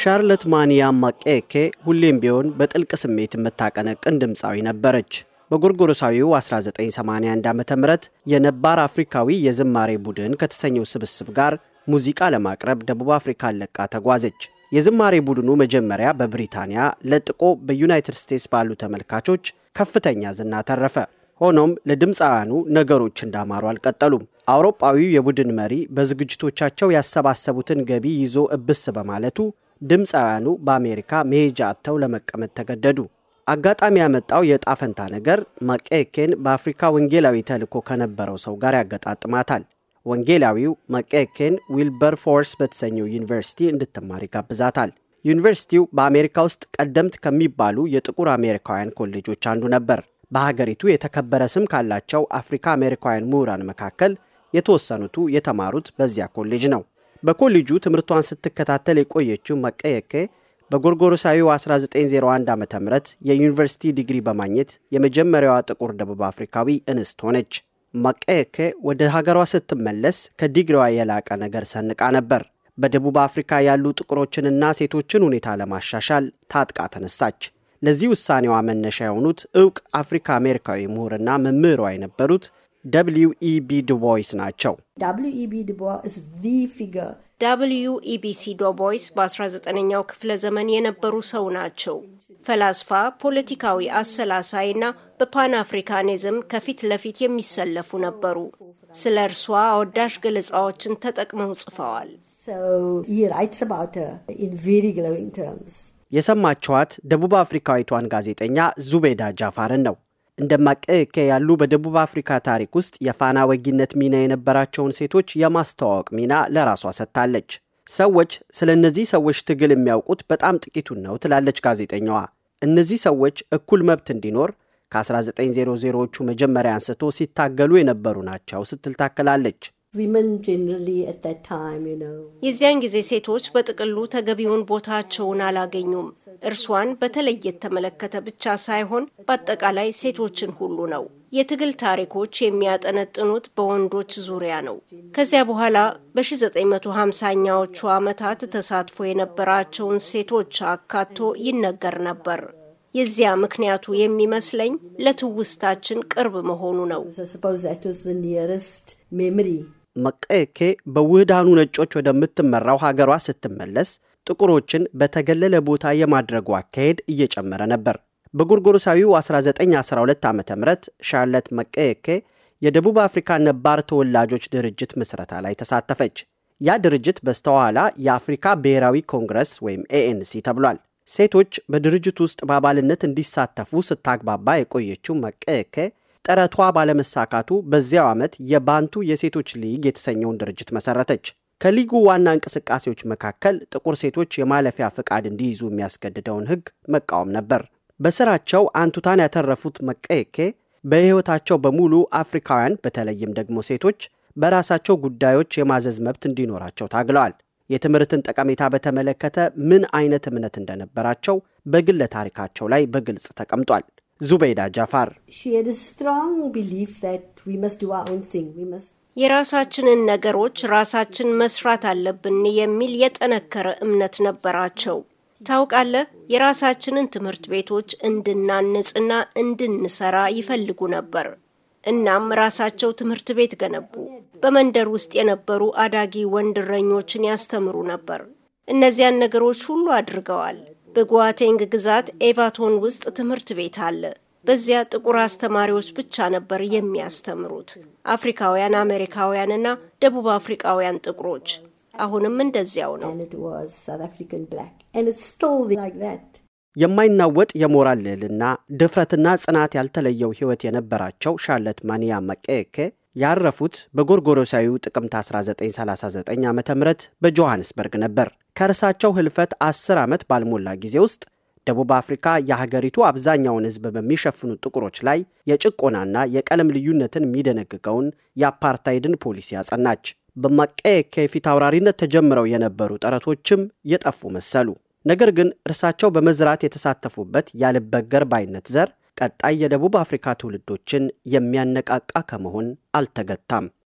ሻርለት ማንያ ማቄኬ ሁሌም ቢሆን በጥልቅ ስሜት የምታቀነቅን ድምፃዊ ነበረች። በጎርጎሮሳዊው 1981 ዓ ም የነባር አፍሪካዊ የዝማሬ ቡድን ከተሰኘው ስብስብ ጋር ሙዚቃ ለማቅረብ ደቡብ አፍሪካን ለቃ ተጓዘች። የዝማሬ ቡድኑ መጀመሪያ በብሪታንያ ለጥቆ በዩናይትድ ስቴትስ ባሉ ተመልካቾች ከፍተኛ ዝና ተረፈ። ሆኖም ለድምፃውያኑ ነገሮች እንዳማሩ አልቀጠሉም። አውሮጳዊው የቡድን መሪ በዝግጅቶቻቸው ያሰባሰቡትን ገቢ ይዞ እብስ በማለቱ ድምፃውያኑ በአሜሪካ መሄጃ አጥተው ለመቀመጥ ተገደዱ። አጋጣሚ ያመጣው የጣፈንታ ነገር መቀኬን በአፍሪካ ወንጌላዊ ተልዕኮ ከነበረው ሰው ጋር ያገጣጥማታል። ወንጌላዊው ማቄኬን ዊልበር ፎርስ በተሰኘው ዩኒቨርሲቲ እንድትማር ይጋብዛታል። ዩኒቨርሲቲው በአሜሪካ ውስጥ ቀደምት ከሚባሉ የጥቁር አሜሪካውያን ኮሌጆች አንዱ ነበር። በሀገሪቱ የተከበረ ስም ካላቸው አፍሪካ አሜሪካውያን ምሁራን መካከል የተወሰኑቱ የተማሩት በዚያ ኮሌጅ ነው። በኮሌጁ ትምህርቷን ስትከታተል የቆየችው መቀየከ በጎርጎሮሳዊው 1901 ዓ ም የዩኒቨርሲቲ ዲግሪ በማግኘት የመጀመሪያዋ ጥቁር ደቡብ አፍሪካዊ እንስት ሆነች። መቀየከ ወደ ሀገሯ ስትመለስ ከዲግሪዋ የላቀ ነገር ሰንቃ ነበር። በደቡብ አፍሪካ ያሉ ጥቁሮችንና ሴቶችን ሁኔታ ለማሻሻል ታጥቃ ተነሳች። ለዚህ ውሳኔዋ መነሻ የሆኑት እውቅ አፍሪካ አሜሪካዊ ምሁርና መምህሯ የነበሩት ደብልዩ ኢቢ e ናቸው። ዳብልዩ ኢቢሲ e e በ19ኛው ክፍለ ዘመን የነበሩ ሰው ናቸው። ፈላስፋ፣ ፖለቲካዊ አሰላሳይ እና በፓን አፍሪካኒዝም ከፊት ለፊት የሚሰለፉ ነበሩ። ስለ እርሷ አወዳሽ ገለጻዎችን ተጠቅመው ጽፈዋል። የሰማችኋት ደቡብ አፍሪካዊቷን ጋዜጠኛ ዙቤዳ ጃፋርን ነው። እንደ ማቀየከ ያሉ በደቡብ አፍሪካ ታሪክ ውስጥ የፋና ወጊነት ሚና የነበራቸውን ሴቶች የማስተዋወቅ ሚና ለራሷ ሰጥታለች። ሰዎች ስለ እነዚህ ሰዎች ትግል የሚያውቁት በጣም ጥቂቱን ነው ትላለች ጋዜጠኛዋ። እነዚህ ሰዎች እኩል መብት እንዲኖር ከ1900ዎቹ መጀመሪያ አንስቶ ሲታገሉ የነበሩ ናቸው ስትል ታክላለች። የዚያን ጊዜ ሴቶች በጥቅሉ ተገቢውን ቦታቸውን አላገኙም። እርሷን በተለየ ተመለከተ ብቻ ሳይሆን በአጠቃላይ ሴቶችን ሁሉ ነው። የትግል ታሪኮች የሚያጠነጥኑት በወንዶች ዙሪያ ነው። ከዚያ በኋላ በ1950ኛዎቹ ዓመታት ተሳትፎ የነበራቸውን ሴቶች አካቶ ይነገር ነበር። የዚያ ምክንያቱ የሚመስለኝ ለትውስታችን ቅርብ መሆኑ ነው። መቀየኬ በውህዳኑ ነጮች ወደምትመራው ሀገሯ ስትመለስ ጥቁሮችን በተገለለ ቦታ የማድረጉ አካሄድ እየጨመረ ነበር። በጎርጎሮሳዊው 1912 ዓ ም ሻርለት መቀየኬ የደቡብ አፍሪካ ነባር ተወላጆች ድርጅት ምስረታ ላይ ተሳተፈች። ያ ድርጅት በስተኋላ የአፍሪካ ብሔራዊ ኮንግረስ ወይም ኤኤንሲ ተብሏል። ሴቶች በድርጅቱ ውስጥ በአባልነት እንዲሳተፉ ስታግባባ የቆየችው መቀየኬ ጥረቷ ባለመሳካቱ በዚያው ዓመት የባንቱ የሴቶች ሊግ የተሰኘውን ድርጅት መሰረተች። ከሊጉ ዋና እንቅስቃሴዎች መካከል ጥቁር ሴቶች የማለፊያ ፈቃድ እንዲይዙ የሚያስገድደውን ሕግ መቃወም ነበር። በስራቸው አንቱታን ያተረፉት መቀኬ በሕይወታቸው በሙሉ አፍሪካውያን በተለይም ደግሞ ሴቶች በራሳቸው ጉዳዮች የማዘዝ መብት እንዲኖራቸው ታግለዋል። የትምህርትን ጠቀሜታ በተመለከተ ምን አይነት እምነት እንደነበራቸው በግለ ታሪካቸው ላይ በግልጽ ተቀምጧል። ዙበይዳ ጃፋር የራሳችንን ነገሮች ራሳችን መስራት አለብን የሚል የጠነከረ እምነት ነበራቸው። ታውቃለህ፣ የራሳችንን ትምህርት ቤቶች እንድናንጽና እንድንሰራ ይፈልጉ ነበር። እናም ራሳቸው ትምህርት ቤት ገነቡ። በመንደር ውስጥ የነበሩ አዳጊ ወንድረኞችን ያስተምሩ ነበር። እነዚያን ነገሮች ሁሉ አድርገዋል። በጓቴንግ ግዛት ኤቫቶን ውስጥ ትምህርት ቤት አለ። በዚያ ጥቁር አስተማሪዎች ብቻ ነበር የሚያስተምሩት፣ አፍሪካውያን አሜሪካውያንና ደቡብ አፍሪካውያን ጥቁሮች። አሁንም እንደዚያው ነው። የማይናወጥ የሞራል ልዕልና፣ ድፍረትና ጽናት ያልተለየው ሕይወት የነበራቸው ሻርለት ማንያ መቀኬ ያረፉት በጎርጎሮሳዊው ጥቅምት 1939 ዓ ም በጆሐንስበርግ ነበር። ከእርሳቸው ህልፈት 10 ዓመት ባልሞላ ጊዜ ውስጥ ደቡብ አፍሪካ የሀገሪቱ አብዛኛውን ሕዝብ በሚሸፍኑ ጥቁሮች ላይ የጭቆናና የቀለም ልዩነትን የሚደነግገውን የአፓርታይድን ፖሊሲ ያጸናች። በማቀየ ከፊት አውራሪነት ተጀምረው የነበሩ ጥረቶችም የጠፉ መሰሉ። ነገር ግን እርሳቸው በመዝራት የተሳተፉበት ያልበገር ባይነት ዘር ቀጣይ የደቡብ አፍሪካ ትውልዶችን የሚያነቃቃ ከመሆን አልተገታም።